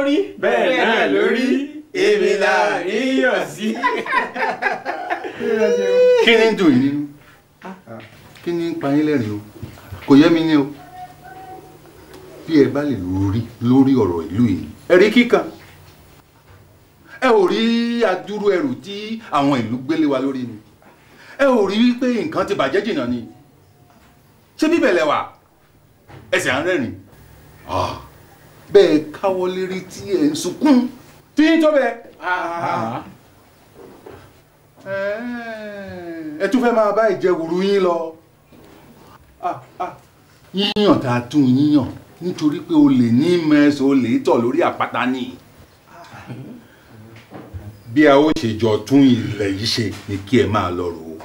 lórí bẹ́ẹ̀ náà lórí èmi là níyàn sí. kí ni dùn yín nínú kí ni pa yín lẹ́rìn o kò yẹ mi ní o bí ẹ bá lè lórí lórí ọ̀rọ̀ ìlú yìí ẹ rí kíkan ẹ ò rí adúrú ẹrù tí àwọn ìlú gbélé wa lórí ni ẹ ò rí wípé nǹkan ti bàjẹ́ jìnnà ni ṣé bíbẹ̀ lẹ wà ẹsẹ̀ à ń rẹ́rìn-ín. Ah bẹ́ẹ̀ káwọ́ lérí tí ẹ̀ e ń sunkún. tí tó bẹ́ẹ̀. Ah. Eh. ẹ tún fẹ́ máa bá ìjẹwùrú yín lọ. Ah, ah. yíyàn tá a tún yíyàn nítorí pé o lè ní mẹ́sàn-án o lè tọ̀ lórí àpáta ni. bí a ó ṣe jọ tún ilẹ̀ yìí ṣe ni kí ẹ máa lọ rò ó.